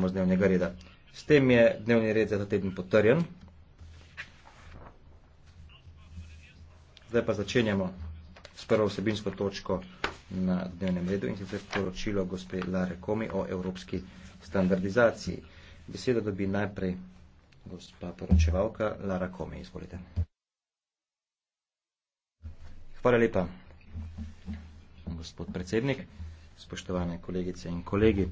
imamo z dnevnega reda. S tem je dnevni red za ta teden potrjen. Zdaj pa začenjamo s prvo vsebinsko točko na dnevnem redu in sicer poročilo gospe Lare Komi o evropski standardizaciji. Beseda dobi najprej gospa poročevalka Lara Komi. Izvolite. Hvala lepa, gospod predsednik, spoštovane kolegice in kolegi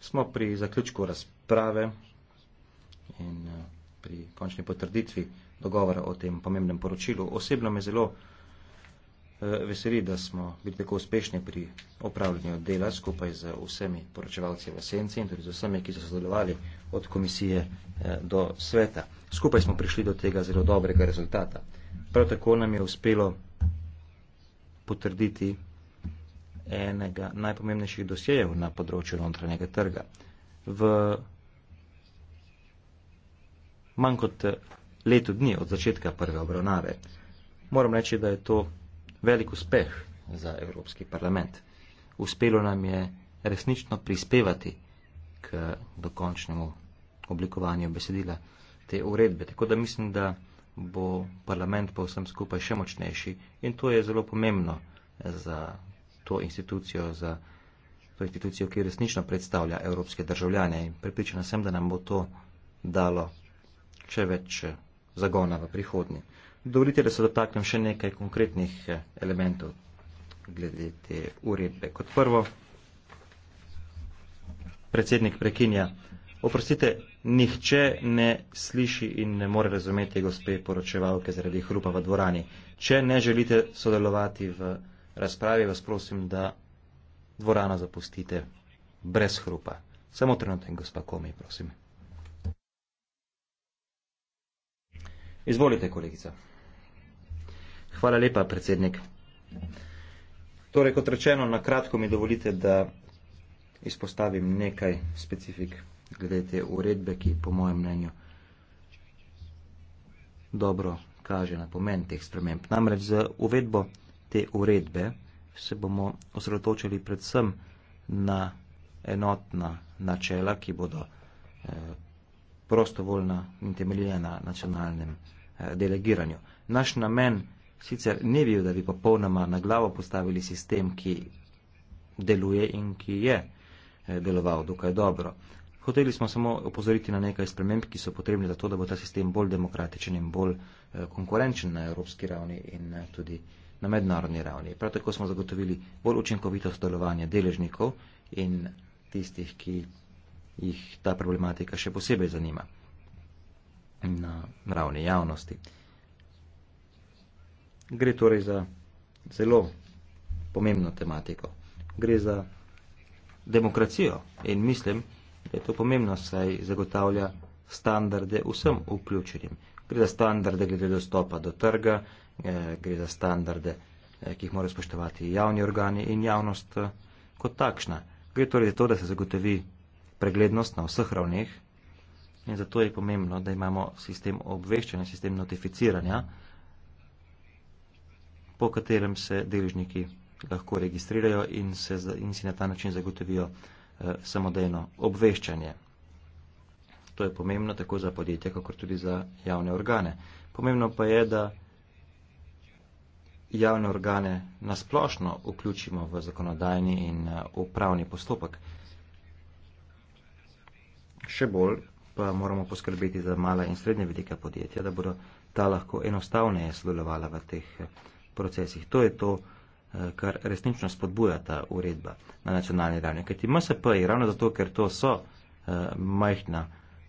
smo pri zaključku razprave in eh, pri končni potrditvi dogovora o tem pomembnem poročilu. Osebno me zelo eh, veseli, da smo bili tako uspešni pri opravljanju dela skupaj z vsemi poročevalci v Senci in tudi z vsemi, ki so sodelovali od komisije eh, do sveta. Skupaj smo prišli do tega zelo dobrega rezultata. Prav tako nam je uspelo potrditi enega najpomembnejših dosjejev na področju notranjega trga. V manj kot eh, letu dni od začetka prve obravnave moram reči, da je to velik uspeh za Evropski parlament. Uspelo nam je resnično prispevati k dokončnemu oblikovanju besedila te uredbe. Tako da mislim, da bo parlament pa vsem skupaj še močnejši in to je zelo pomembno za to institucijo, za to institucijo, ki resnično predstavlja evropske državljane. In pripričana sem, da nam bo to dalo še več eh, zagona v prihodnje. Dovolite, da se dotaknem še nekaj konkretnih eh, elementov glede te uredbe. Kot prvo, predsednik prekinja. Oprostite, nihče ne sliši in ne more razumeti gospe poročevalke zaradi hrupa v dvorani. Če ne želite sodelovati v razpravi, vas prosim, da dvorano zapustite brez hrupa. Samo trenutek, gospa Komi, prosim. Izvolite, kolegica. Hvala lepa, predsednik. Torej, kot rečeno, na kratko mi dovolite, da izpostavim nekaj specifik glede te uredbe, ki po mojem mnenju dobro kaže na pomen teh sprememb. Namreč z uvedbo te uredbe, se bomo osredotočili predvsem na enotna načela, ki bodo eh, prostovoljna in temeljena na nacionalnem eh, delegiranju. Naš namen sicer ne bil, da bi popolnoma na glavo postavili sistem, ki deluje in ki je eh, deloval dokaj dobro. Hoteli smo samo opozoriti na nekaj sprememb, ki so potrebne za to, da bo ta sistem bolj demokratičen in bolj konkurenčen na evropski ravni in tudi na mednarodni ravni. Prav tako smo zagotovili bolj učinkovito sodelovanje deležnikov in tistih, ki jih ta problematika še posebej zanima na ravni javnosti. Gre torej za zelo pomembno tematiko. Gre za demokracijo in mislim, da je to pomembno, saj zagotavlja standarde vsem vključenim. Gre za standarde glede dostopa do trga, Eh, gre za standarde, eh, ki jih morajo spoštovati javni organi in javnost eh, kot takšna. Gre torej za to, da se zagotovi preglednost na vseh ravneh in zato je pomembno, da imamo sistem obveščanja, sistem notificiranja, po katerem se deležniki lahko registrirajo in, se, in si na ta način zagotovijo eh, samodejno obveščanje. To je pomembno tako za podjetja, kako tudi za javne organe. Pomembno pa je, da javne organe nasplošno vključimo v zakonodajni in eh, upravni postopek. Še bolj pa moramo poskrbeti za mala in srednje velika podjetja, da bodo ta lahko enostavneje sodelovala v teh eh, procesih. To je to, eh, kar resnično spodbuja ta uredba na nacionalni ravni. Kajti MSP je ravno zato, ker to so majhna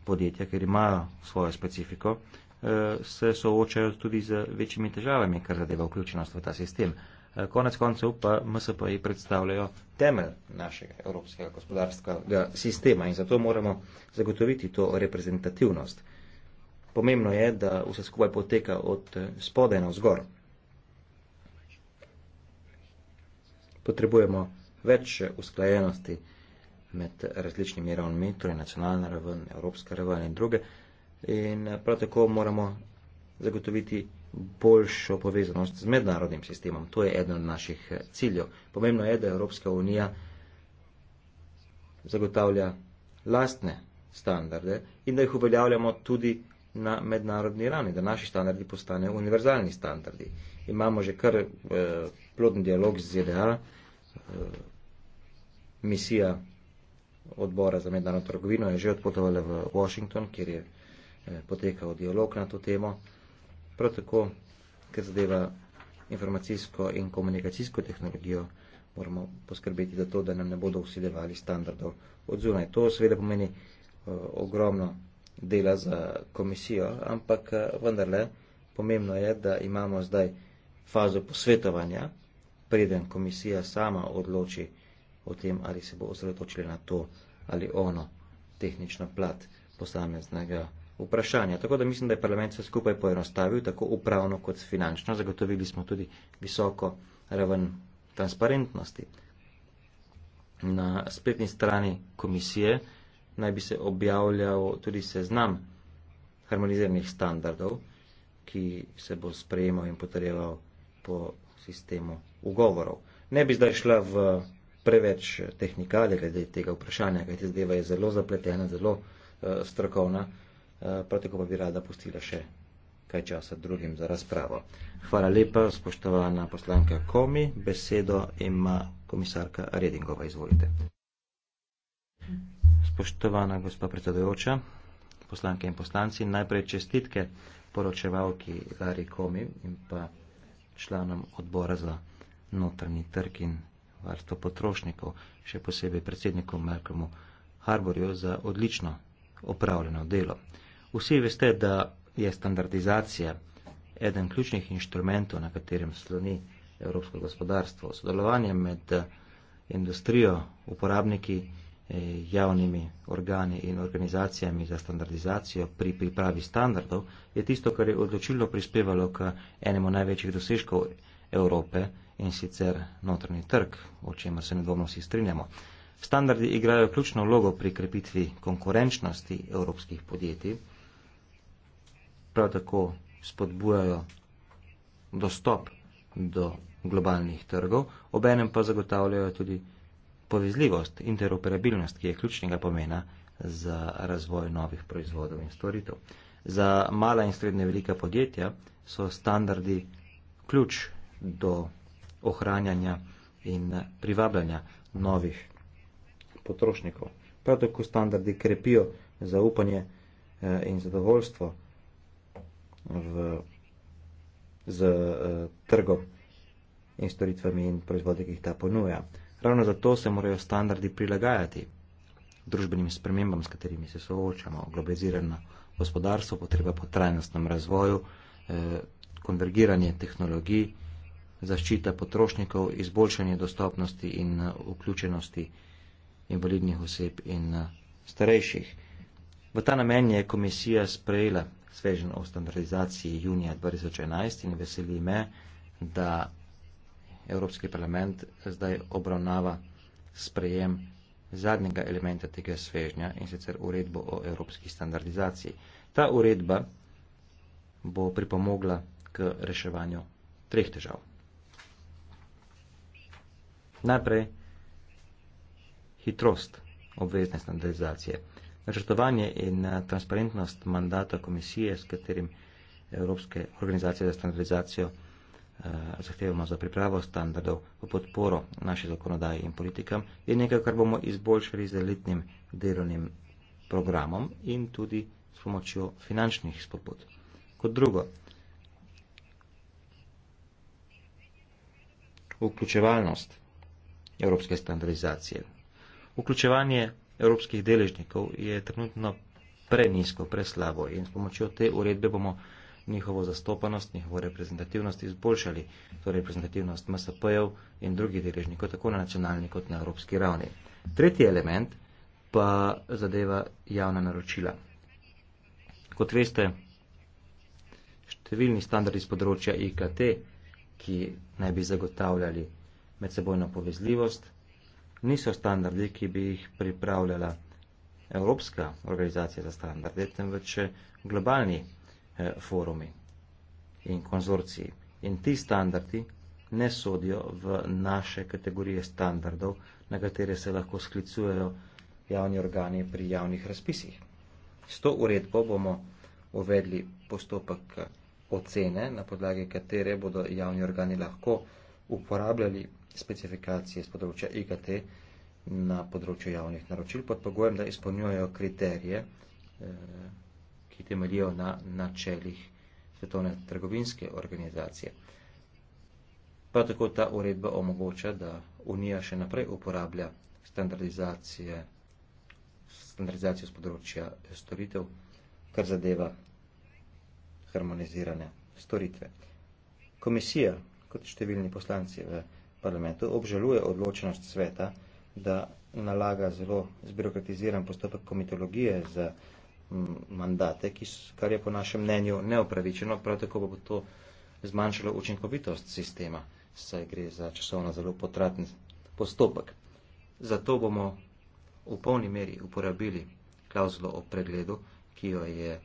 podjetja, ker imajo svojo specifiko, Eh, se soočajo tudi z večjimi težavami, kar zadeva vključenost v ta sistem. Eh, konec koncev pa MSP-ji predstavljajo temelj našega evropskega gospodarskega sistema in zato moramo zagotoviti to reprezentativnost. Pomembno je, da vse skupaj poteka od eh, spode na vzgor. Potrebujemo več usklajenosti med različnimi ravnmi, torej nacionalna raven, evropska raven in druge in eh, prav tako moramo zagotoviti boljšo povezanost z mednarodnim sistemom. To je eden od naših eh, ciljev. Pomembno je, da Evropska unija zagotavlja lastne standarde in da jih uveljavljamo tudi na mednarodni rani, da naši standardi postanejo univerzalni standardi. Imamo že kar eh, plodni dialog z ZDA, eh, misija odbora za mednarodno trgovino je že odpotovala v Washington, kjer je eh, Eh, potekal dialog na to temo. Prav tako, ker zadeva informacijsko in komunikacijsko tehnologijo, moramo poskrbeti za to, da nam ne bodo usidevali standardov odzunaj. To seveda pomeni eh, ogromno dela za komisijo, ampak eh, vendarle pomembno je, da imamo zdaj fazo posvetovanja, preden komisija sama odloči o tem, ali se bo osredotočila na to ali ono tehnično plat posameznega vprašanja. Tako da mislim, da je parlament vse skupaj poenostavil, tako upravno kot finančno. Zagotovili smo tudi visoko raven transparentnosti. Na spletni strani komisije naj bi se objavljal tudi seznam harmoniziranih standardov, ki se bo sprejemal in potrjeval po sistemu ugovorov. Ne bi zdaj šla v preveč tehnikalje glede tega vprašanja, kajti zadeva je zelo zapletena, zelo uh, strokovna. Uh, Eh, prav tako pa bi rada pustila še kaj časa drugim za razpravo. Hvala lepa, spoštovana poslanka Komi. Besedo ima komisarka Redingova. Izvolite. Spoštovana gospa predsedujoča, poslanke in poslanci, najprej čestitke poročevalki Lari Komi in pa članom odbora za notrni trg in varstvo potrošnikov, še posebej predsedniku Malcolmu Harborju za odlično opravljeno delo. Uh, Vsi veste, da je standardizacija eden ključnih inštrumentov, na katerem sloni evropsko gospodarstvo. Sodelovanje med eh, industrijo, uporabniki, eh, javnimi organi in organizacijami za standardizacijo pri pripravi standardov je tisto, kar je odločilno prispevalo k enemu največjih dosežkov Evrope in sicer notrni trg, o čemer se nedvomno vsi strinjamo. Standardi igrajo ključno vlogo pri krepitvi konkurenčnosti evropskih podjetij prav tako spodbujajo dostop do globalnih trgov, obenem pa zagotavljajo tudi povezljivost, interoperabilnost, ki je ključnega pomena za razvoj novih proizvodov in storitev. Za mala in srednje velika podjetja so standardi ključ do ohranjanja in privabljanja novih potrošnikov. Prav tako standardi krepijo zaupanje eh, in zadovoljstvo v, z uh, trgom in storitvami in proizvodi, ki jih ta ponuja. Ravno zato se morajo standardi prilagajati družbenim spremembam, s katerimi se soočamo, globalizirano gospodarstvo, potreba po trajnostnem razvoju, eh, konvergiranje tehnologij, zaščita potrošnikov, izboljšanje dostopnosti in eh, vključenosti invalidnih oseb in eh, starejših. V ta namen je komisija sprejela svežen o standardizaciji junija 2011 in veseli me, da Evropski parlament zdaj obravnava sprejem zadnjega elementa tega svežnja in sicer uredbo o evropski standardizaciji. Ta uredba bo pripomogla k reševanju treh težav. Najprej hitrost obvezne standardizacije načrtovanje in eh, transparentnost mandata komisije, s katerim Evropske organizacije za standardizacijo eh, zahtevamo za pripravo standardov v podporo naše zakonodaje in politikam, je nekaj, kar bomo izboljšali z elitnim delovnim programom in tudi s pomočjo finančnih spobod. Kot drugo, vključevalnost evropske standardizacije. Vključevanje evropskih deležnikov je trenutno prenisko, preslabo in s pomočjo te uredbe bomo njihovo zastopanost, njihovo reprezentativnost izboljšali, torej reprezentativnost MSP-jev in drugih deležnikov, tako na nacionalni kot na evropski ravni. Tretji element pa zadeva javna naročila. Kot veste, številni standardi z področja IKT, ki naj bi zagotavljali medsebojno povezljivost, niso standardi, ki bi jih pripravljala Evropska organizacija za standarde, temveč eh, globalni eh, forumi in konzorciji. In ti standardi ne sodijo v naše kategorije standardov, na katere se lahko sklicujejo javni organi pri javnih razpisih. S to uredbo bomo uvedli postopek eh, ocene, na podlagi katere bodo javni organi lahko uporabljali specifikacije z področja IKT na področju javnih naročil pod pogojem, da izpolnjujejo kriterije, eh, ki temeljijo na načelih Svetovne trgovinske organizacije. Prav tako ta uredba omogoča, da Unija še naprej uporablja standardizacije, standardizacijo z področja storitev, kar zadeva harmonizirane storitve. Komisija, kot številni poslanci v eh, parlamentu obžaluje odločenost sveta, da nalaga zelo zbirokratiziran postopek komitologije za mm, mandate, kar je po našem mnenju neopravičeno, prav tako bo to zmanjšalo učinkovitost sistema, saj gre za časovno zelo potratni postopek. Zato bomo v polni meri uporabili klauzulo o pregledu, ki jo je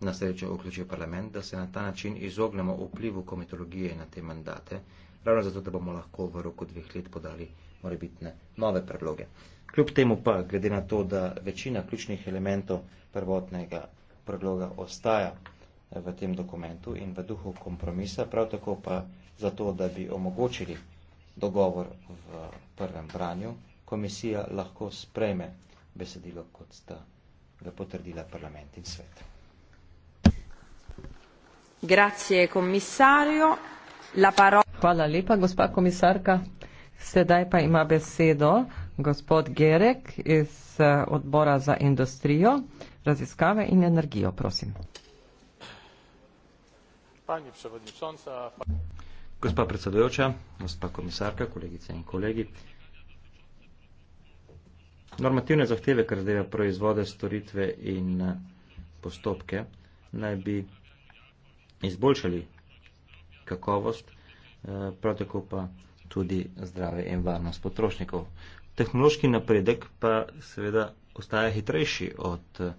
na srečo vključil parlament, da se na ta način izognemo vplivu komitologije na te mandate ravno zato, da bomo lahko v roku dveh let podali morebitne nove predloge. Kljub temu pa, glede na to, da večina ključnih elementov prvotnega predloga ostaja eh, v tem dokumentu in v duhu kompromisa, prav tako pa zato, da bi omogočili dogovor v prvem branju, komisija lahko sprejme besedilo, kot sta ga potrdila parlament in svet. Grazie, commissario. La parola... Hvala lepa, gospa komisarka. Sedaj pa ima besedo gospod Gerek iz eh, odbora za industrijo, raziskave in energijo. Prosim. Pani predsedujoča, pa... gospa predsedujoča, gospa komisarka, kolegice in kolegi. Normativne zahteve, kar zdaj proizvode, storitve in eh, postopke, naj bi izboljšali kakovost Eh, prav tako pa tudi zdrave in varnost potrošnikov. Tehnološki napredek pa seveda ostaja hitrejši od eh,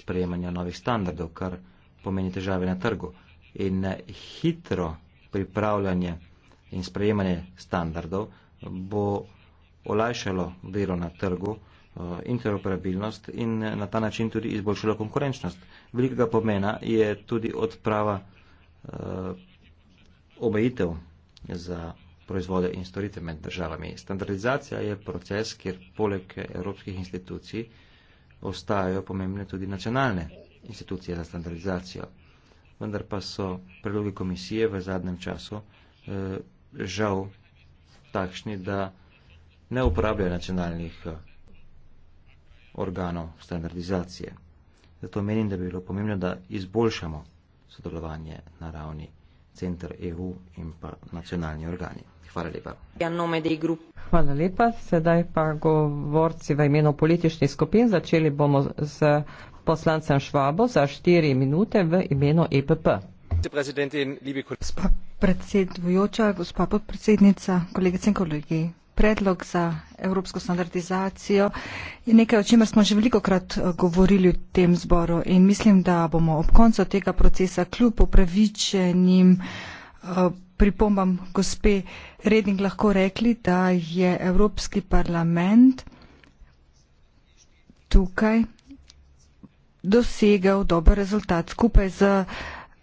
sprejemanja novih standardov, kar pomeni težave na trgu. In eh, hitro pripravljanje in sprejemanje standardov bo olajšalo delo na trgu, interoperabilnost in na ta način tudi izboljšalo konkurenčnost. Velikega pomena je tudi odprava eh, obejitev za proizvode in storite med državami. Standardizacija je proces, kjer poleg evropskih institucij ostajajo pomembne tudi nacionalne institucije za standardizacijo. Vendar pa so predlogi komisije v zadnjem času eh, žal takšni, da ne uporabljajo nacionalnih eh, organov standardizacije. Zato menim, da bi bilo pomembno, da izboljšamo sodelovanje na ravni Center EU in pa nacionalni organi. Hvala lepa. Ja, Hvala lepa. Sedaj pa govorci v imenu političnih skupin. Začeli bomo z poslancem Švabo za štiri minute v imenu EPP. Predsedujoča, gospa podpredsednica, kolegice in kolegi predlog za evropsko standardizacijo je nekaj, o čemer smo že veliko krat eh, govorili v tem zboru in mislim, da bomo ob koncu tega procesa kljub upravičenim eh, pripombam gospe Reding lahko rekli, da je Evropski parlament tukaj dosegel dober rezultat skupaj z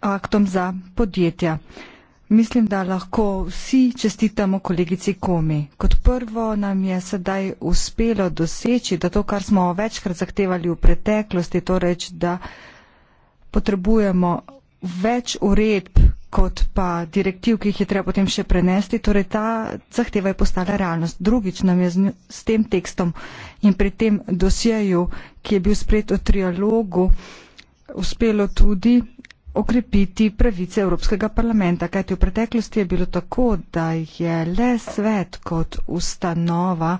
aktom za podjetja. Mislim, da lahko vsi čestitamo kolegici Komi. Kot prvo nam je sedaj uspelo doseči, da to, kar smo večkrat zahtevali v preteklosti, torej, da potrebujemo več uredb kot pa direktiv, ki jih je treba potem še prenesti, torej ta zahteva je postala realnost. Drugič nam je z, njo, s tem tekstom in pri tem dosjeju, ki je bil spred v trialogu, uspelo tudi okrepiti pravice Evropskega parlamenta. Kajti v preteklosti je bilo tako, da je le svet kot ustanova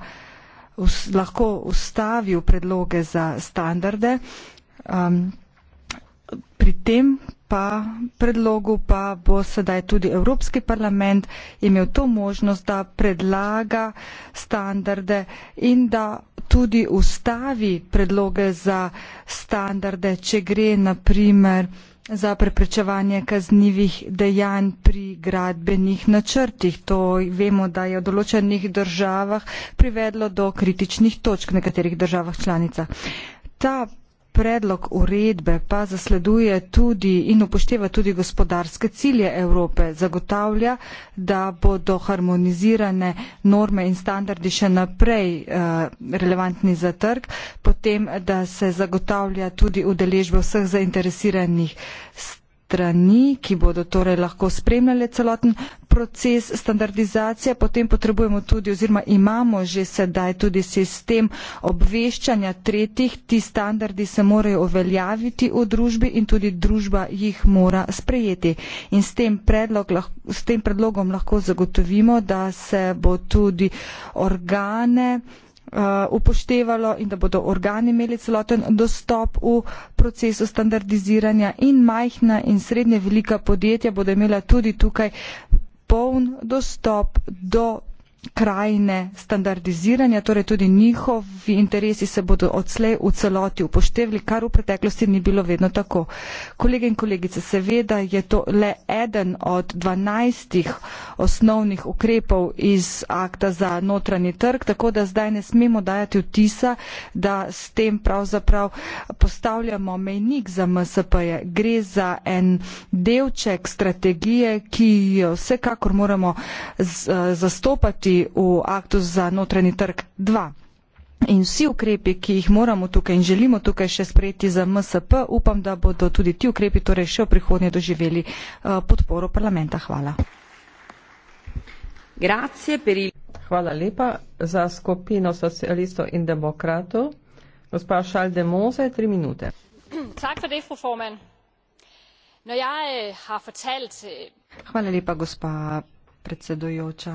us, lahko ustavil predloge za standarde, um, pri tem pa predlogu pa bo sedaj tudi Evropski parlament imel to možnost, da predlaga standarde in da tudi ustavi predloge za standarde, če gre naprimer za preprečevanje kaznjivih dejanj pri gradbenih načrtih. To vemo, da je v določenih državah privedlo do kritičnih točk v nekaterih državah članicah. Ta predlog uredbe pa zasleduje tudi in upošteva tudi gospodarske cilje Evrope, zagotavlja, da bodo harmonizirane norme in standardi še naprej eh, relevantni za trg, potem, da se zagotavlja tudi udeležbe vseh zainteresiranih strank strani, ki bodo torej lahko spremljale celoten proces standardizacije, potem potrebujemo tudi oziroma imamo že sedaj tudi sistem obveščanja tretjih, ti standardi se morajo uveljaviti v družbi in tudi družba jih mora sprejeti. In s tem, predlog, s tem predlogom lahko zagotovimo, da se bo tudi organe, Uh, upoštevalo in da bodo organi imeli celoten dostop v procesu standardiziranja in majhna in srednje velika podjetja bodo imela tudi tukaj poln dostop do krajine standardiziranja, torej tudi njihovi interesi se bodo odslej v celoti upoštevali, kar v preteklosti ni bilo vedno tako. Kolege in kolegice, seveda je to le eden od dvanajstih osnovnih ukrepov iz akta za notranji trg, tako da zdaj ne smemo dajati vtisa, da s tem pravzaprav postavljamo mejnik za MSP-je. Gre za en delček strategije, ki jo vsekakor moramo eh, zastopati resoluciji o aktu za notranji trg dva. In vsi ukrepi, ki jih moramo tukaj in želimo tukaj še sprejeti za MSP, upam, da bodo tudi ti ukrepi torej še v prihodnje doživeli eh, podporo parlamenta. Hvala. Hvala lepa za skupino socialistov in demokratov. Gospa Šalde Moze, tri minute. Eh, eh- Hvala lepa, gospa predsedujoča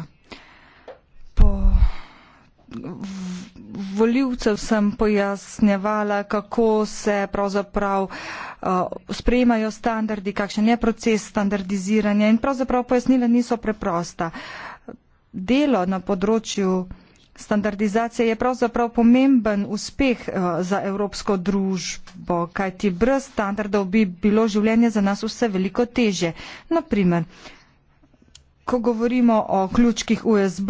voljivcev sem pojasnjevala, kako se pravzaprav uh, sprejemajo standardi, kakšen je proces standardiziranja in pravzaprav pojasnila niso preprosta. Delo na področju standardizacije je pravzaprav pomemben uspeh uh, za evropsko družbo, kajti brez standardov bi bilo življenje za nas vse veliko teže. Naprimer, Ko govorimo o ključkih USB,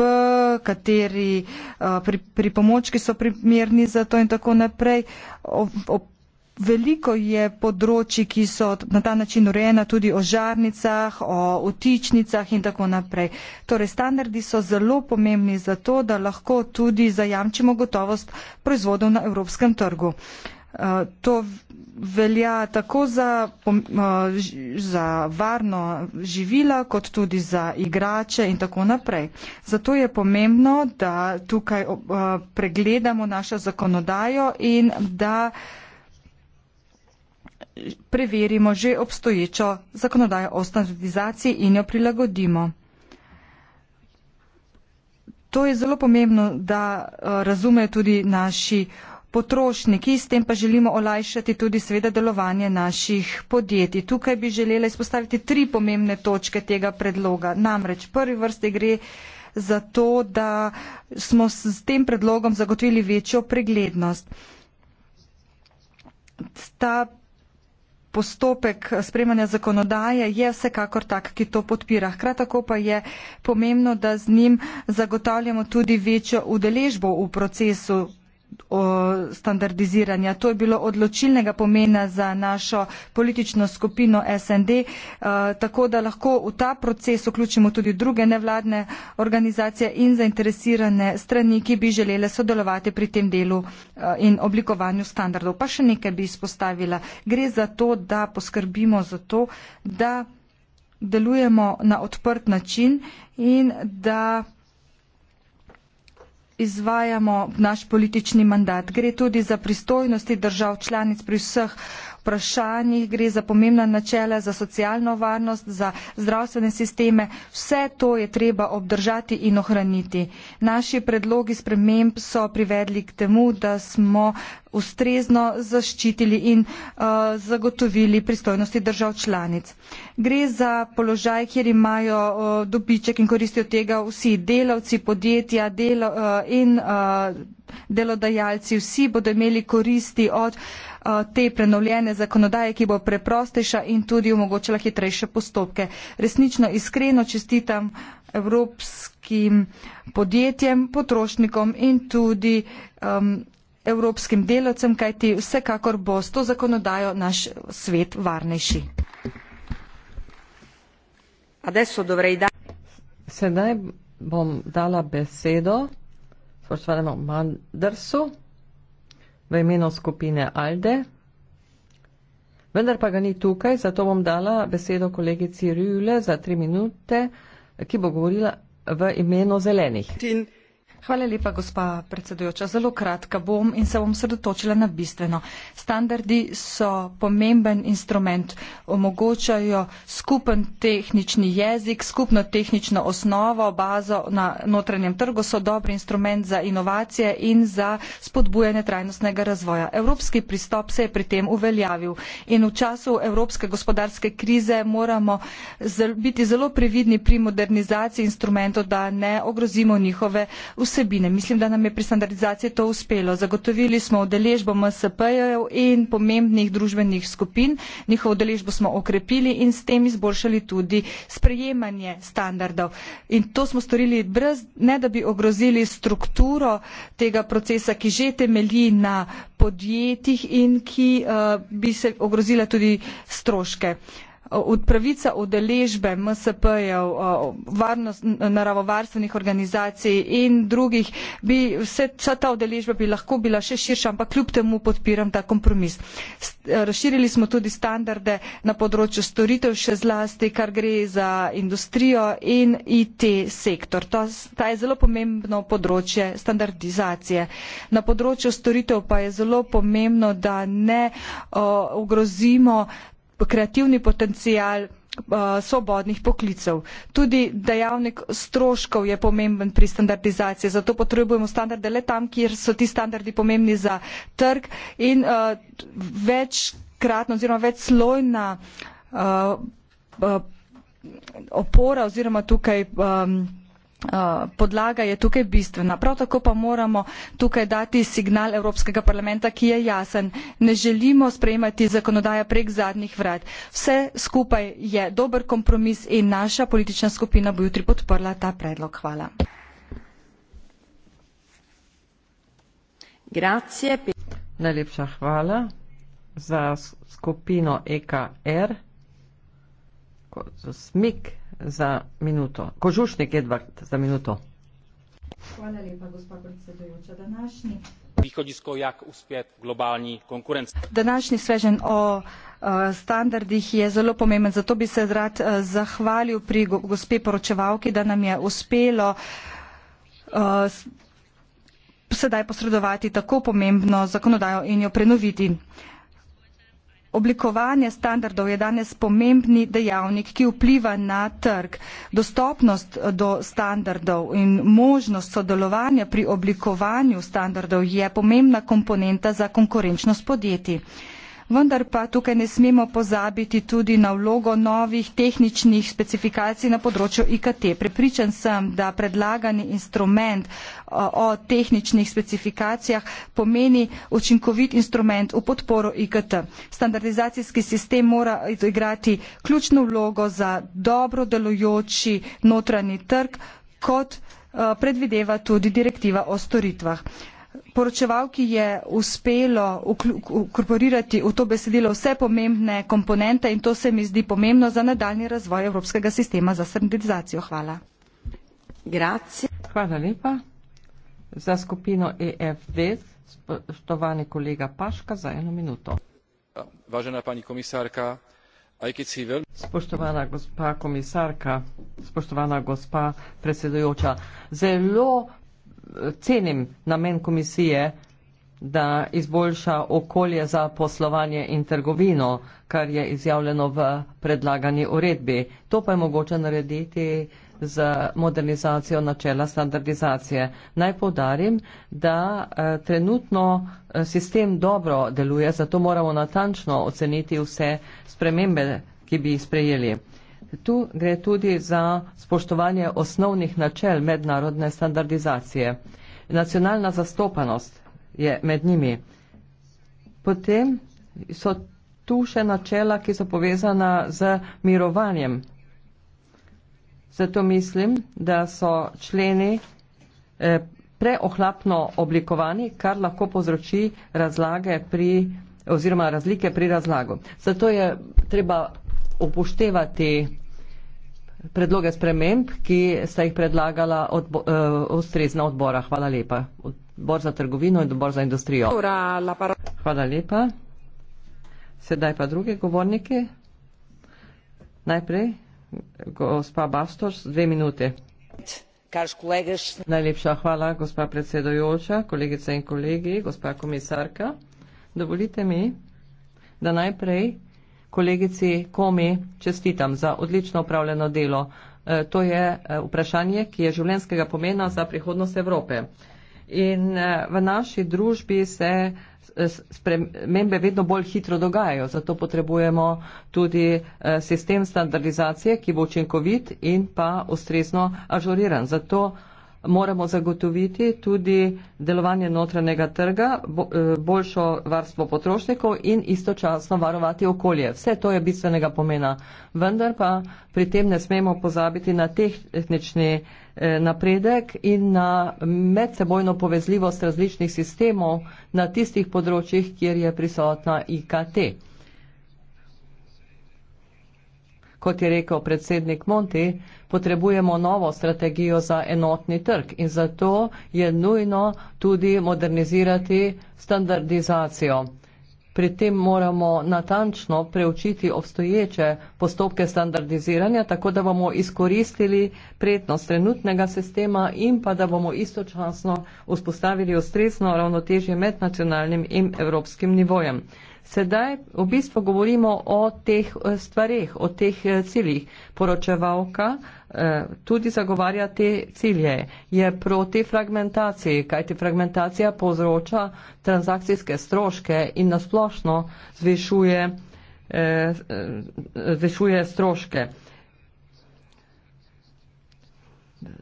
kateri eh, pri, pri pomočki so primerni za to in tako naprej, o, o, veliko je področji, ki so na ta način urejena tudi o žarnicah, o utičnicah in tako naprej. Torej, standardi so zelo pomembni za to, da lahko tudi zajamčimo gotovost proizvodov na evropskem trgu. Uh, Eh, to velja tako za, eh, za varno živila, kot tudi za igrače in tako naprej. Zato je pomembno, da tukaj eh, pregledamo našo zakonodajo in da preverimo že obstoječo zakonodajo o standardizaciji in jo prilagodimo. To je zelo pomembno, da razumejo tudi naši potrošniki, s tem pa želimo olajšati tudi seveda delovanje naših podjetij. Tukaj bi želela izpostaviti tri pomembne točke tega predloga. Namreč prvi vrsti gre za to, da smo s tem predlogom zagotovili večjo preglednost. Ta postopek spremanja zakonodaje je vsekakor tak, ki to podpira. Hkrati tako pa je pomembno, da z njim zagotavljamo tudi večjo udeležbo v procesu standardiziranja. To je bilo odločilnega pomena za našo politično skupino SND, eh, tako da lahko v ta proces vključimo tudi druge nevladne organizacije in zainteresirane strani, ki bi želele sodelovati pri tem delu eh, in oblikovanju standardov. Pa še nekaj bi izpostavila. Gre za to, da poskrbimo za to, da delujemo na odprt način in da izvajamo naš politični mandat. Gre tudi za pristojnosti držav članic pri vseh vprašanjih, gre za pomembna načela, za socialno varnost, za zdravstvene sisteme. Vse to je treba obdržati in ohraniti. Naši predlogi sprememb so privedli k temu, da smo ustrezno zaščitili in uh, zagotovili pristojnosti držav članic. Gre za položaj, kjer imajo uh, dobiček in koristijo tega vsi delavci, podjetja delo, uh, in uh, delodajalci. Vsi bodo imeli koristi od uh, te prenovljene zakonodaje, ki bo preprostejša in tudi omogočila hitrejše postopke. Resnično iskreno čestitam evropskim podjetjem, potrošnikom in tudi um, evropskim delavcem, kajti vsekakor bo s to zakonodajo naš svet varnejši. Da... Sedaj bom dala besedo spoštovanemu Mandrsu v imenu skupine Alde. Vendar pa ga ni tukaj, zato bom dala besedo kolegici Rjule za tri minute, ki bo govorila v imenu zelenih. Hvala lepa, gospa predsedujoča. Zelo kratka bom in se bom sredotočila na bistveno. Standardi so pomemben instrument, omogočajo skupen tehnični jezik, skupno tehnično osnovo, bazo na notranjem trgu, so dober instrument za inovacije in za spodbujanje trajnostnega razvoja. Evropski pristop se je pri tem uveljavil in v času evropske gospodarske krize moramo biti zelo previdni pri modernizaciji instrumentov, da ne ogrozimo njihove vsebnosti vsebine. Mislim, da nam je pri standardizaciji to uspelo. Zagotovili smo udeležbo MSP-jev in pomembnih družbenih skupin, njihovo udeležbo smo okrepili in s tem izboljšali tudi sprejemanje standardov. In to smo storili brez, ne da bi ogrozili strukturo tega procesa, ki že temelji na podjetjih in ki uh, bi se ogrozila tudi stroške. Uh, od pravica udeležbe MSP-jev, naravovarstvenih organizacij in drugih, bi vse, vsa ta udeležba bi lahko bila še širša, ampak kljub temu podpiram ta kompromis. Eh, razširili smo tudi standarde na področju storitev, še zlasti, kar gre za industrijo in IT sektor. To, ta je zelo pomembno področje standardizacije. Na področju storitev pa je zelo pomembno, da ne o, ogrozimo kreativni potencial eh, svobodnih poklicev. Tudi dejavnik stroškov je pomemben pri standardizaciji, zato potrebujemo standarde le tam, kjer so ti standardi pomembni za trg in uh, eh, večkratno oziroma večslojna uh, uh, opora oziroma tukaj um, Eh, podlaga je tukaj bistvena. Prav tako pa moramo tukaj dati signal Evropskega parlamenta, ki je jasen. Ne želimo sprejemati zakonodaje prek zadnjih vrat. Vse skupaj je dober kompromis in naša politična skupina bo jutri podprla ta predlog. Hvala. Grazie. Najlepša hvala za skupino EKR. Kot za smik za minuto. Kožušnik Edvard za minuto. Hvala lepa, gospa predsedujoča. Današnji vihodisko, jak uspet globalni konkurenc. Današnji svežen o e, standardih je zelo pomemben, zato bi se rad e, zahvalil pri gospe poročevalki, da nam je uspelo e, sedaj posredovati tako pomembno zakonodajo in jo prenoviti oblikovanje standardov je danes pomembni dejavnik, ki vpliva na trg. Dostopnost eh, do standardov in možnost sodelovanja pri oblikovanju standardov je pomembna komponenta za konkurenčnost podjetij vendar pa tukaj ne smemo pozabiti tudi na vlogo novih tehničnih specifikacij na področju IKT. Prepričan sem, da predlagani instrument o tehničnih specifikacijah pomeni učinkovit instrument v podporo IKT. Standardizacijski sistem mora igrati ključno vlogo za dobro delujoči notranji trg, kot predvideva tudi direktiva o storitvah poročevalki je uspelo ukorporirati v to besedilo vse pomembne komponente in to se mi zdi pomembno za nadaljni razvoj Evropskega sistema za standardizacijo. Hvala. Grazie. Hvala lepa. Za skupino EFD, spoštovani kolega Paška, za eno minuto. Važena pani komisarka, Spoštovana gospa komisarka, spoštovana gospa predsedujoča, zelo cenim namen komisije, da izboljša okolje za poslovanje in trgovino, kar je izjavljeno v predlagani uredbi. To pa je mogoče narediti z modernizacijo načela standardizacije. Naj povdarim, da eh, trenutno eh, sistem dobro deluje, zato moramo natančno oceniti vse spremembe, ki bi jih sprejeli. Tu gre tudi za spoštovanje osnovnih načel mednarodne standardizacije. Nacionalna zastopanost je med njimi. Potem so tu še načela, ki so povezana z mirovanjem. Zato mislim, da so členi eh, preohlapno oblikovani, kar lahko povzroči razlage pri oziroma razlike pri razlagu. Zato je treba upoštevati predloge sprememb, ki sta jih predlagala odbo, uh, ustrezna odbora. Hvala lepa. Odbor za trgovino in odbor za industrijo. Hvala lepa. Sedaj pa druge govornike. Najprej gospa Bastor, dve minute. Najlepša hvala, gospa predsedojoča, kolegice in kolegi, gospa komisarka. Dovolite mi, da najprej Kolegici Komi čestitam za odlično upravljeno delo. E, to je e, vprašanje, ki je življenskega pomena za prihodnost Evrope. In e, v naši družbi se spremembe vedno bolj hitro dogajajo, zato potrebujemo tudi sistem standardizacije, ki bo učinkovit in pa ustrezno ažuriran. Zato moramo zagotoviti tudi delovanje notranjega trga, eh, boljšo varstvo potrošnikov in istočasno varovati okolje. Vse to je bistvenega pomena. Vendar pa pri tem ne smemo pozabiti na tehnični eh, napredek in na medsebojno povezljivost različnih sistemov na tistih področjih, kjer je prisotna IKT. Kot je rekel predsednik Monti, potrebujemo novo strategijo za enotni trg in zato je nujno tudi modernizirati standardizacijo. Pri tem moramo natančno preučiti obstoječe postopke standardiziranja, tako da bomo izkoristili prednost trenutnega sistema in pa da bomo istočasno vzpostavili ustrezno ravnotežje med nacionalnim in evropskim nivojem. Sedaj v bistvu govorimo o teh eh, stvarih, o teh eh, ciljih. Poročevalka eh, tudi zagovarja te cilje. Je proti fragmentaciji, kajti fragmentacija povzroča transakcijske stroške in nasplošno zvišuje, zvišuje stroške.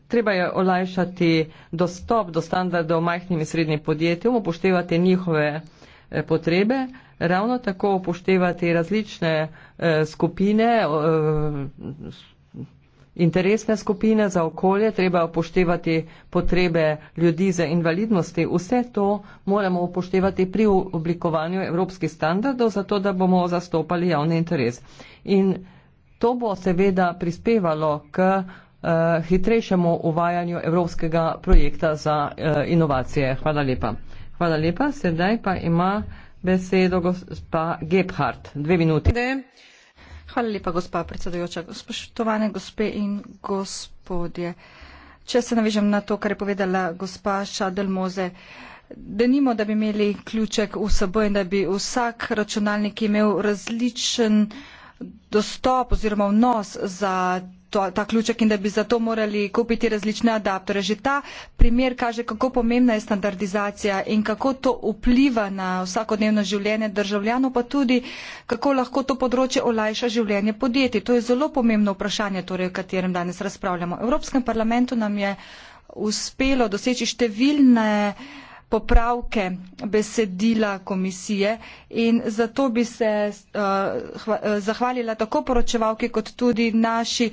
Treba je olajšati dostop do standardov majhnim in srednjim podjetjem, upoštevati njihove eh, Eh, potrebe, ravno tako upoštevati različne eh, skupine, eh, interesne skupine za okolje, treba upoštevati potrebe ljudi za invalidnosti. Vse to moramo upoštevati pri oblikovanju evropskih standardov, zato da bomo zastopali javni interes. In to bo seveda prispevalo k hitrejšemu uvajanju evropskega projekta za inovacije. Hvala lepa. Hvala lepa. Sedaj pa ima besedo gospa Gebhardt. Dve minuti. Hvala lepa, gospa predsedojoča, spoštovane gospe in gospodje. Če se navežem na to, kar je povedala gospa Šadelmoze, da nimo, da bi imeli ključek v seboj in da bi vsak računalnik imel različen dostop oziroma vnos za to, ta ključek in da bi zato morali kupiti različne adaptore. Že ta primer kaže, kako pomembna je standardizacija in kako to vpliva na vsakodnevno življenje državljanov, pa tudi kako lahko to področje olajša življenje podjetij. To je zelo pomembno vprašanje, torej, o katerem danes razpravljamo. V Evropskem parlamentu nam je uspelo doseči številne uh, popravke besedila komisije in zato bi se uh, zahvalila tako poročevalki kot tudi naši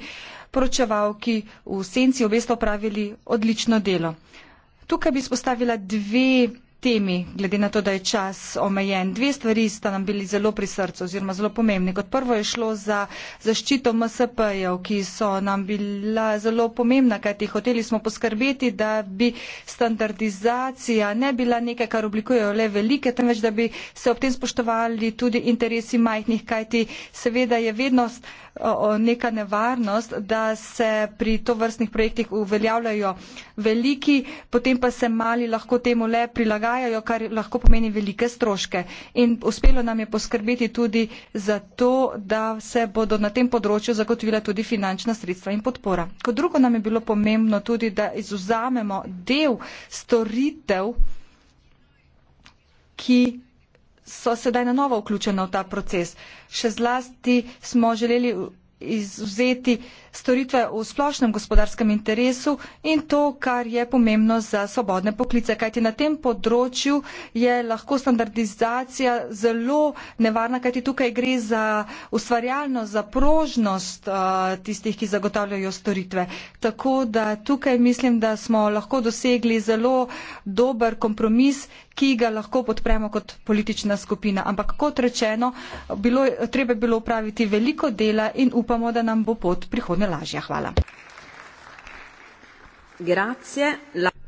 poročevalki v senci, obesto pravili odlično delo. Tukaj bi spostavila dve temi, glede na to, da je čas omejen. Dve stvari sta nam bili zelo pri srcu oziroma zelo pomembni. Kot prvo je šlo za zaščito MSP-jev, ki so nam bila zelo pomembna, kajti hoteli smo poskrbeti, da bi standardizacija ne bila nekaj, kar oblikujejo le velike, temveč da bi se ob tem spoštovali tudi interesi majhnih, kajti seveda je vedno neka nevarnost, da se pri tovrstnih projektih uveljavljajo veliki, potem pa se mali lahko temu le prilagajajo trajajo, kar lahko pomeni velike stroške. In uspelo nam je poskrbeti tudi za to, da se bodo na tem področju zagotovila tudi finančna sredstva in podpora. Kot drugo nam je bilo pomembno tudi, da izuzamemo del storitev, ki so sedaj na novo vključena v ta proces. Še zlasti smo želeli izvzeti storitve v splošnem gospodarskem interesu in to, kar je pomembno za svobodne poklice. Kajti na tem področju je lahko standardizacija zelo nevarna, kajti tukaj gre za ustvarjalnost, za prožnost uh, tistih, ki zagotavljajo storitve. Tako da tukaj mislim, da smo lahko dosegli zelo dober kompromis, ki ga lahko podpremo kot politična skupina. Ampak kot rečeno, bilo, treba je bilo upraviti veliko dela in upamo, da nam bo pot prihodne lažja. Hvala. Grazie.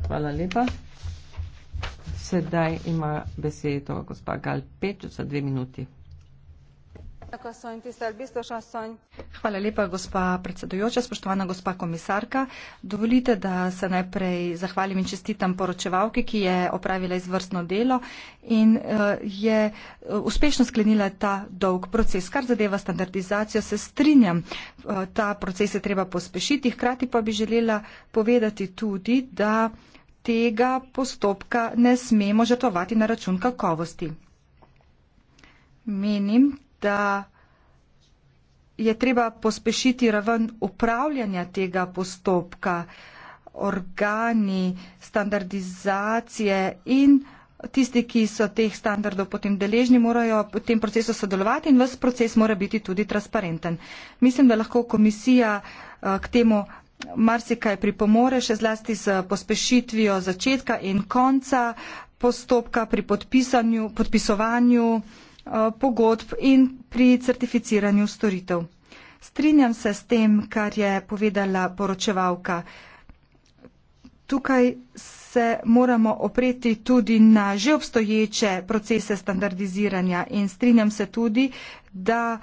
Hvala lepa. Sedaj ima besedo gospa Galpeč za dve minuti. Hvala lepa, gospa predsedujoča, spoštovana gospa komisarka. Dovolite, da se najprej zahvalim in čestitam poročevalki, ki je opravila izvrstno delo in eh, je eh, uspešno sklenila ta dolg proces. Kar zadeva standardizacijo, se strinjam, eh, ta proces je treba pospešiti, hkrati pa bi želela povedati tudi, da tega postopka ne smemo žrtovati na račun kakovosti. Menim, da je treba pospešiti raven upravljanja tega postopka, organi, standardizacije in tisti, ki so teh standardov potem deležni, morajo v tem procesu sodelovati in vse proces mora biti tudi transparenten. Mislim, da lahko komisija eh, k temu marsikaj pripomore, še zlasti s pospešitvijo začetka in konca postopka pri podpisovanju. Eh, pogodb in pri certificiranju storitev. Strinjam se s tem, kar je povedala poročevalka. Tukaj se moramo opreti tudi na že obstoječe procese standardiziranja in strinjam se tudi, da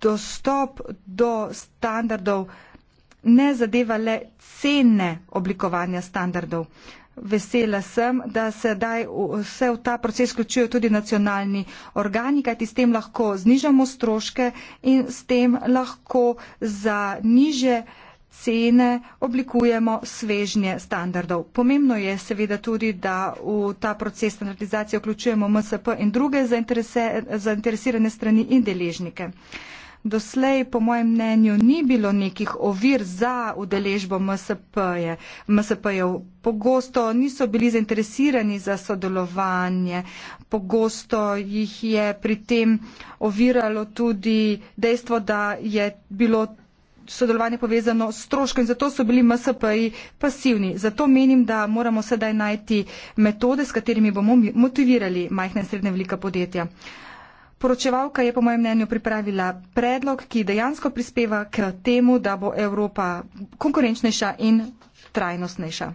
dostop do standardov ne zadeva le cene oblikovanja standardov. Uh, Vesela sem, da se daj vse v ta proces vključujejo tudi nacionalni organi, kajti s tem lahko znižamo stroške in s tem lahko za niže cene oblikujemo svežnje standardov. Pomembno je seveda tudi, da v ta proces standardizacije vključujemo MSP in druge zainteresirane strani in deležnike. Doslej, po mojem mnenju, ni bilo nekih ovir za udeležbo MSP-jev. Pogosto niso bili zainteresirani za sodelovanje, pogosto jih je pri tem oviralo tudi dejstvo, da je bilo sodelovanje povezano s stroškom in zato so bili MSP-ji pasivni. Zato menim, da moramo sedaj najti metode, s katerimi bomo motivirali majhne in srednje velika podjetja. Uh, poročevalka je po mojem mnenju pripravila predlog, ki dejansko prispeva k temu, da bo Evropa konkurenčnejša in trajnostnejša.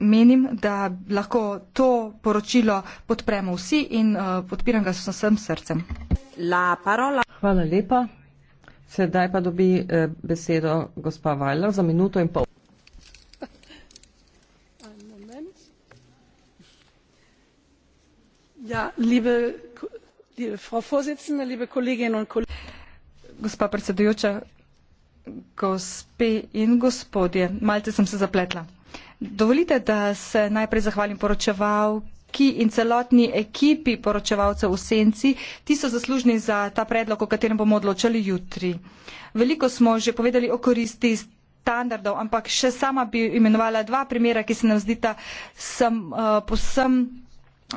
Menim, da lahko to poročilo podpremo vsi in uh, podpiram ga s vsem srcem. Hvala lepa. Sedaj pa dobi eh, besedo gospa Vajla za minuto in pol. Ja, frau präsidentin liebe kolleginnen und kollegen! malce sem se zapletla. dovolite da se najprej zahvalim poročevalki in celotni ekipi poročevalcev v senci ti so zaslužni za ta predlog o katerem bomo odločali jutri. veliko smo že povedali o koristi standardov ampak še sama bi imenovala dva primera ki se nam zdita eh, povsem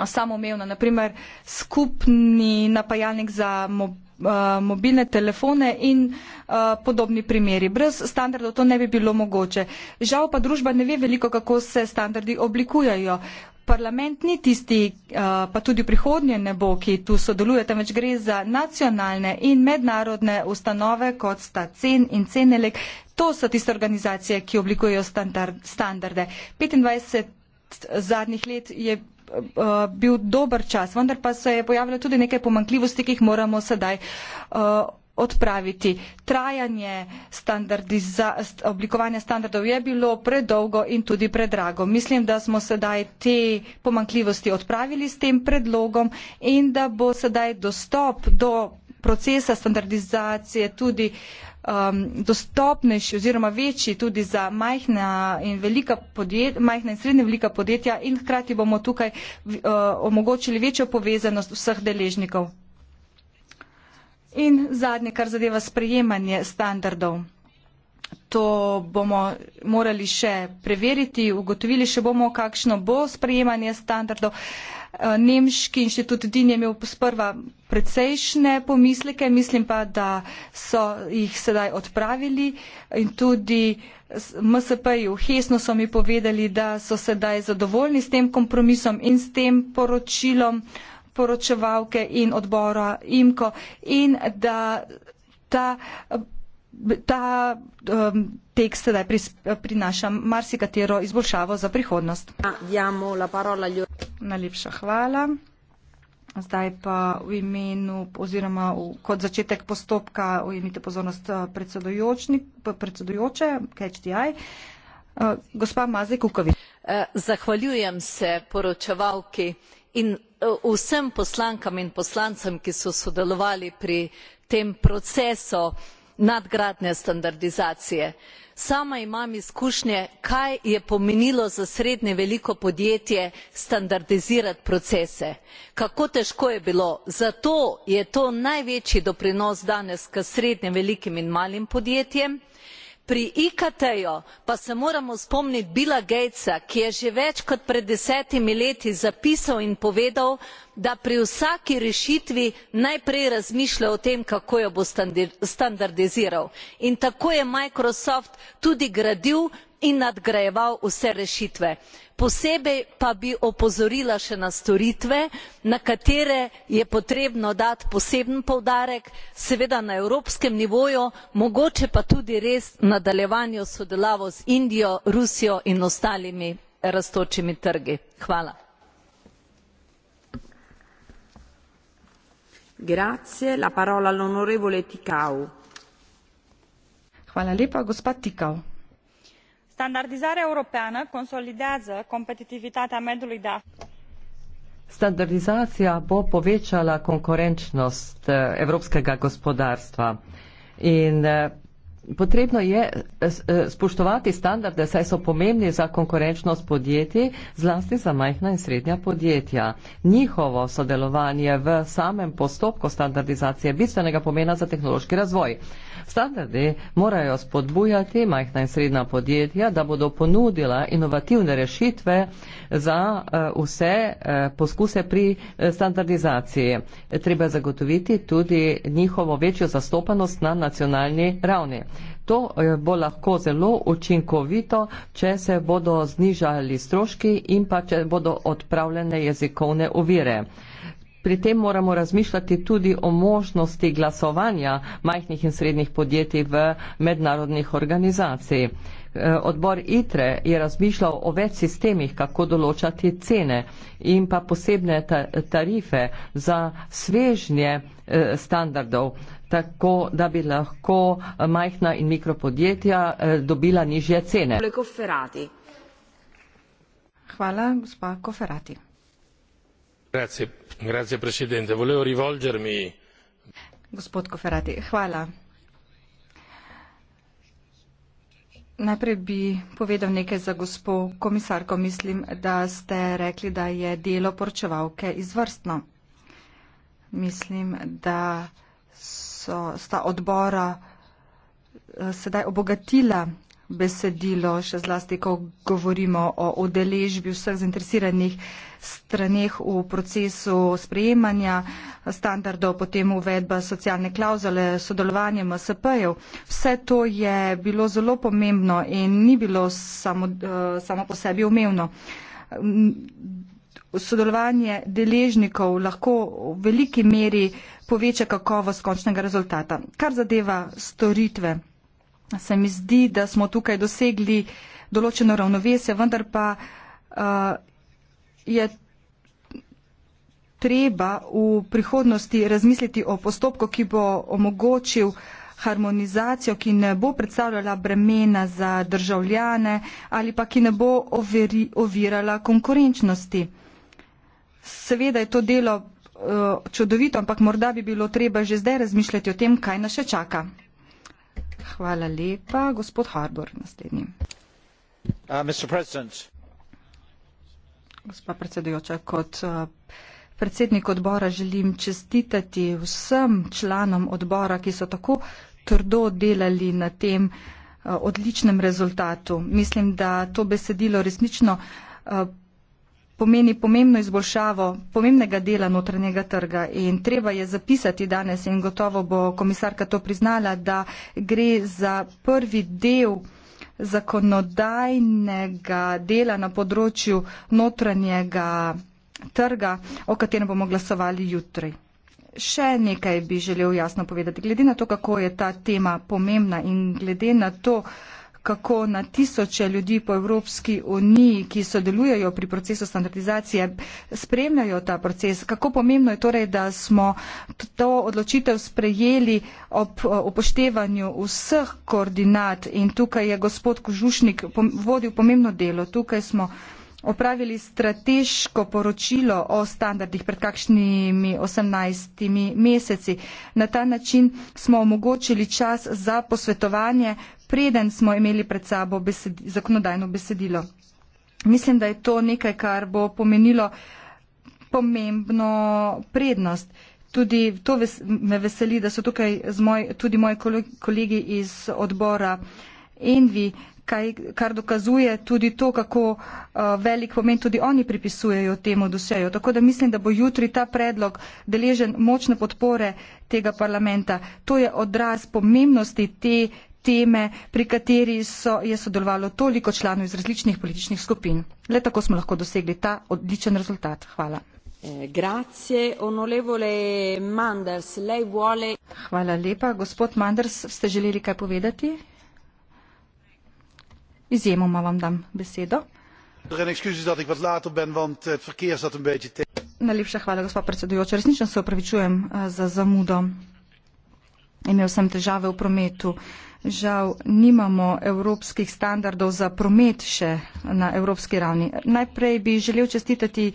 samoumevna. Naprimer, skupni napajalnik za eh, mobilne telefone in eh, podobni primeri. Brez standardov to ne bi bilo mogoče. Žal pa družba ne ve veliko, kako se standardi oblikujajo. Parlament ni tisti, eh, pa tudi prihodnje ne bo, ki tu sodeluje, temveč gre za nacionalne in mednarodne ustanove, kot sta CEN in CENELEK. To so tiste organizacije, ki oblikujejo standarde. 25 zadnjih let je Eh, bil dober čas, vendar pa se je pojavilo tudi nekaj pomankljivosti, ki jih moramo sedaj eh, odpraviti. Trajanje standardiza, oblikovanja standardov je bilo predolgo in tudi predrago. Mislim, da smo sedaj te pomankljivosti odpravili s tem predlogom in da bo sedaj dostop do procesa standardizacije tudi uh, um, dostopnejši oziroma večji tudi za majhna in, podjet, majhna in srednje velika podjetja in hkrati bomo tukaj uh, omogočili večjo povezanost vseh deležnikov. In zadnje, kar zadeva sprejemanje standardov. To bomo morali še preveriti, ugotovili še bomo, kakšno bo sprejemanje standardov. Uh, Eh, nemški inštitut DIN je imel sprva precejšnje pomisleke, mislim pa, da so jih sedaj odpravili in tudi MSP-ju hesno so mi povedali, da so sedaj zadovoljni s tem kompromisom in s tem poročilom poročevalke in odbora IMKO in da ta ta um, tekst sedaj pris, prinaša marsikatero izboljšavo za prihodnost. Najlepša hvala. Zdaj pa v imenu oziroma v, kot začetek postopka ujemite pozornost uh, predsedujoče, KHDI. Uh, gospa Mazej Kukovič. Uh, zahvaljujem se poročevalki in uh, vsem poslankam in poslancem, ki so sodelovali pri tem procesu nadgradnje standardizacije. sama imam izkušnje kaj je pomenilo za srednje veliko podjetje standardizirati procese kako težko je bilo zato je to največji doprinos danes k srednje velikim in malim podjetjem pri ikt ju pa se moramo spomniti billa gatesa ki je že več kot pred desetimi leti zapisal in povedal da pri vsaki rešitvi najprej razmišlja o tem kako jo bo standardiziral in tako je microsoft tudi gradil in nadgrajeval vse rešitve. Posebej pa bi opozorila še na storitve, na katere je potrebno dati poseben povdarek, seveda na evropskem nivoju, mogoče pa tudi res nadaljevanje sodelavo z Indijo, Rusijo in ostalimi rastočimi trgi. Hvala. Grazie, la parola all'onorevole Tikau. Hvala lepa, gospa Tikau standardizarea europeană consolidează competitivitatea mediului de Standardizacija bo povečala konkurenčnost eh, evropskega gospodarstva in eh, potrebno je eh, eh, spoštovati standarde, saj so pomembni za konkurenčnost podjetij, zlasti za majhna in srednja podjetja. Njihovo sodelovanje v samem postopku standardizacije je bistvenega pomena za tehnološki razvoj. Standardi morajo spodbujati majhna in srednja podjetja, da bodo ponudila inovativne rešitve za eh, vse poskuse pri standardizaciji. Treba zagotoviti tudi njihovo večjo zastopanost na nacionalni ravni. To eh, bo lahko zelo učinkovito, če se bodo znižali stroški in pa če bodo odpravljene jezikovne ovire. Pri tem moramo razmišljati tudi o možnosti glasovanja majhnih in srednjih podjetij v mednarodnih organizacij. Eh, odbor ITRE je razmišljal o več sistemih, kako določati cene in pa posebne tarife za svežnje eh, standardov tako da bi lahko eh, majhna in mikropodjetja eh, dobila nižje cene. Hvala, gospa Koferati. Grazie, grazie presidente. Volevo rivolgermi. Gospod Koferati, hvala. Najprej bi povedal nekaj za gospo komisarko. Mislim, da ste rekli, da je delo poročevalke izvrstno. Mislim, da so, sta odbora eh, sedaj obogatila besedilo, še zlasti, ko govorimo o udeležbi vseh zainteresiranih straneh v procesu sprejemanja standardov, potem uvedba socialne klauzule, sodelovanje MSP-jev. Vse to je bilo zelo pomembno in ni bilo samo, eh, samo po sebi umevno. Sodelovanje deležnikov lahko v veliki meri poveča kakovost končnega rezultata. Kar zadeva storitve, se mi zdi, da smo tukaj dosegli določeno ravnovesje, vendar pa uh, je treba v prihodnosti razmisliti o postopku, ki bo omogočil harmonizacijo, ki ne bo predstavljala bremena za državljane ali pa ki ne bo overi, ovirala konkurenčnosti. Seveda je to delo Eh, čudovito, ampak morda bi bilo treba že zdaj razmišljati o tem, kaj nas še čaka. Hvala lepa, gospod Harbor, naslednji. Uh, Gospa predsedujoča, kot eh, predsednik odbora želim čestitati vsem članom odbora, ki so tako trdo delali na tem eh, odličnem rezultatu. Mislim, da to besedilo resnično pomeni pomembno izboljšavo pomembnega dela notranjega trga in treba je zapisati danes in gotovo bo komisarka to priznala, da gre za prvi del zakonodajnega dela na področju notranjega trga, o katerem bomo glasovali jutri. Še nekaj bi želel jasno povedati. Glede na to, kako je ta tema pomembna in glede na to, kako na tisoče ljudi po Evropski uniji, ki sodelujejo pri procesu standardizacije, spremljajo ta proces. Kako pomembno je torej, da smo to odločitev sprejeli ob upoštevanju vseh koordinat in tukaj je gospod Kožušnik vodil pomembno delo. Tukaj smo opravili strateško poročilo o standardih pred kakšnimi 18 meseci. Na ta način smo omogočili čas za posvetovanje, preden smo imeli pred sabo besed zakonodajno besedilo. Mislim, da je to nekaj, kar bo pomenilo pomembno prednost. Tudi to ves me veseli, da so tukaj moj, tudi moji kolegi iz odbora Envi kaj, kar dokazuje tudi to, kako eh, velik pomen tudi oni pripisujejo temu doseju. Tako da mislim, da bo jutri ta predlog deležen močne podpore tega parlamenta. To je odraz pomembnosti te teme, pri kateri so, je sodelovalo toliko članov iz različnih političnih skupin. Le tako smo lahko dosegli ta odličen rezultat. Hvala. Eh, grazie, onorevole Manders, lei vuole. Hvala lepa. Gospod Manders, ste želeli kaj povedati? Izjemoma vam dam besedo. Er Najlepša hvala, gospod predsedujoča. Resnično se opravičujem eh, za zamudo. Imel sem težave v prometu žal nimamo evropskih standardov za promet še na evropski ravni. Najprej bi želel čestitati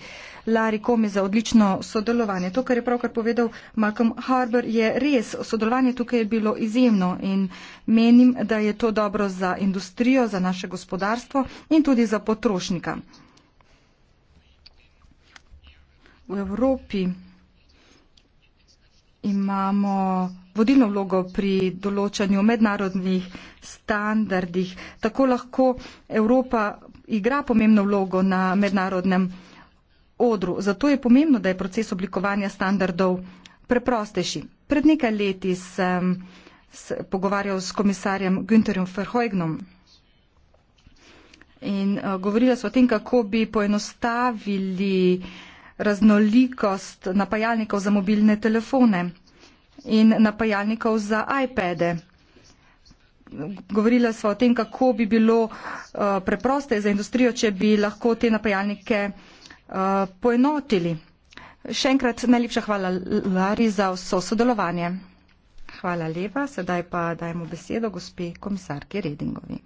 Lari Komi za odlično sodelovanje. To, kar je pravkar povedal Malcolm Harbour, je res. Sodelovanje tukaj je bilo izjemno in menim, da je to dobro za industrijo, za naše gospodarstvo in tudi za potrošnika. V Evropi imamo vodilno vlogo pri določanju mednarodnih standardih. Tako lahko Evropa igra pomembno vlogo na mednarodnem odru. Zato je pomembno, da je proces oblikovanja standardov preprostejši. Pred nekaj leti sem se pogovarjal s komisarjem Günterjem Verheugnom in eh, govorila so o tem, kako bi poenostavili raznolikost napajalnikov za mobilne telefone in napajalnikov za iPade. Govorila smo o tem, kako bi bilo uh, preproste za industrijo, če bi lahko te napajalnike uh, poenotili. Še enkrat najlepša hvala Lari za vso sodelovanje. Hvala lepa, sedaj pa dajemo besedo gospe komisarki Redingovi.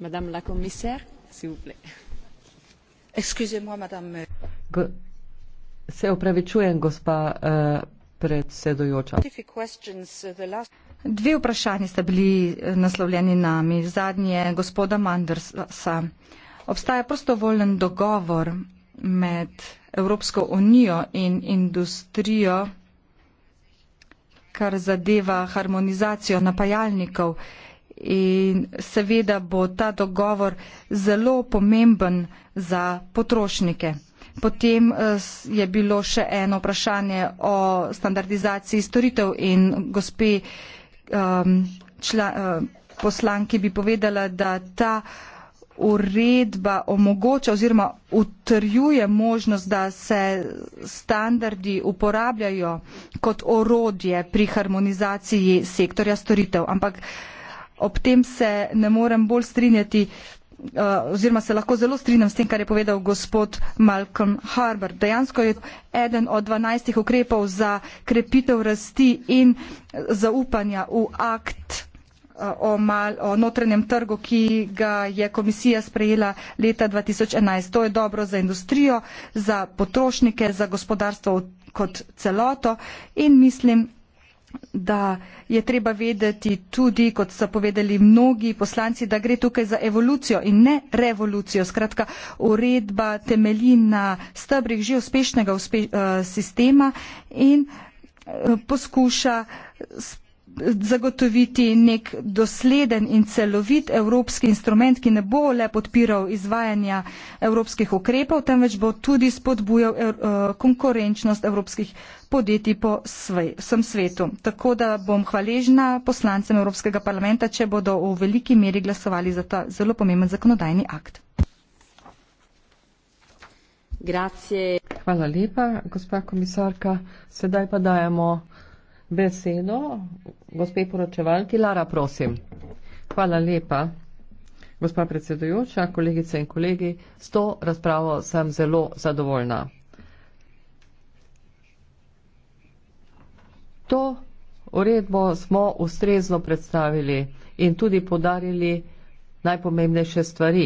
Madame la commissaire, s'il vous plaît. Excusez-moi, madame. Go Se upravičujem, gospa uh, predsedujoča. Dve vprašanje sta bili eh, naslovljeni nami. Zadnje, gospoda Mandersa. Obstaja prostovoljen dogovor med Evropsko unijo in industrijo, kar zadeva harmonizacijo napajalnikov. In seveda bo ta dogovor zelo pomemben za potrošnike. Potem eh, je bilo še eno vprašanje o standardizaciji storitev in gospe um, čla, um, poslanki bi povedala, da ta uredba omogoča oziroma utrjuje možnost, da se standardi uporabljajo kot orodje pri harmonizaciji sektorja storitev. Ampak ob tem se ne morem bolj strinjati, Eh, oziroma se lahko zelo strinjam s tem, kar je povedal gospod Malcolm Harbour. Dejansko je eden od dvanajstih ukrepov za krepitev rasti in zaupanja v akt eh, o, mal, o notranjem trgu, ki ga je komisija sprejela leta 2011. To je dobro za industrijo, za potrošnike, za gospodarstvo kot celoto in mislim, da je treba vedeti tudi, kot so povedali mnogi poslanci, da gre tukaj za evolucijo in ne revolucijo. Skratka, uredba temelji na stebrih že uspešnega uspe, uh, sistema in uh, poskuša zagotoviti nek dosleden in celovit evropski instrument, ki ne bo le podpiral izvajanja evropskih ukrepov, temveč bo tudi spodbujal eh, konkurenčnost evropskih podjetij po vsem svetu. Tako da bom hvaležna poslancem Evropskega parlamenta, če bodo v veliki meri glasovali za ta zelo pomemben zakonodajni akt. Grazie. Hvala lepa, gospa komisarka. Sedaj pa dajemo besedo. Gospe poročevalki, Lara, prosim. Hvala lepa. Gospa predsedujoča, kolegice in kolegi, s to razpravo sem zelo zadovoljna. To uredbo smo ustrezno predstavili in tudi podarili najpomembnejše stvari.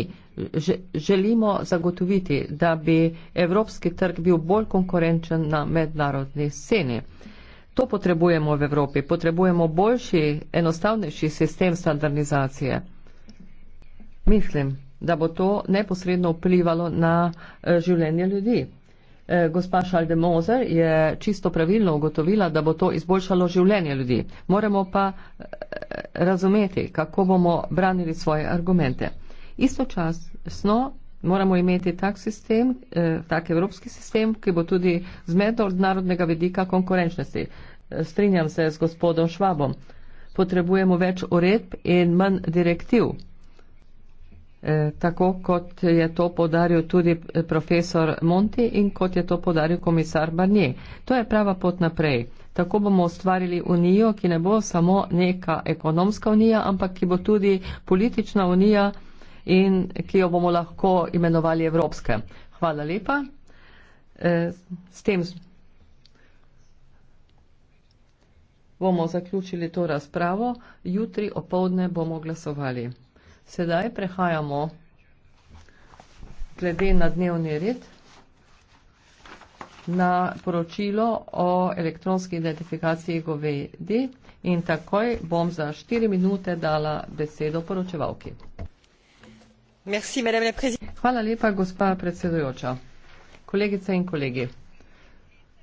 Želimo zagotoviti, da bi evropski trg bil bolj konkurenčen na mednarodni sceni. To potrebujemo v Evropi. Potrebujemo boljši, enostavnejši sistem standardizacije. Mislim, da bo to neposredno vplivalo na eh, življenje ljudi. Eh, gospa Šaldemozer je čisto pravilno ugotovila, da bo to izboljšalo življenje ljudi. Moramo pa eh, razumeti, kako bomo branili svoje argumente. Istočasno moramo imeti tak sistem, eh, tak evropski sistem, ki bo tudi z mednarodnega vedika konkurenčnosti. Eh, strinjam se z gospodom Švabom. Potrebujemo več uredb in manj direktiv. E, tako kot je to podaril tudi profesor Monti in kot je to podaril komisar Barnier. To je prava pot naprej. Tako bomo ustvarili unijo, ki ne bo samo neka ekonomska unija, ampak ki bo tudi politična unija in ki jo bomo lahko imenovali evropske. Hvala lepa. E, s tem bomo zaključili to razpravo. Jutri opovdne bomo glasovali. Sedaj prehajamo glede na dnevni red na poročilo o elektronski identifikaciji govedi in takoj bom za štiri minute dala besedo poročevalki. Hvala lepa, gospa predsedujoča. Kolegice in kolegi.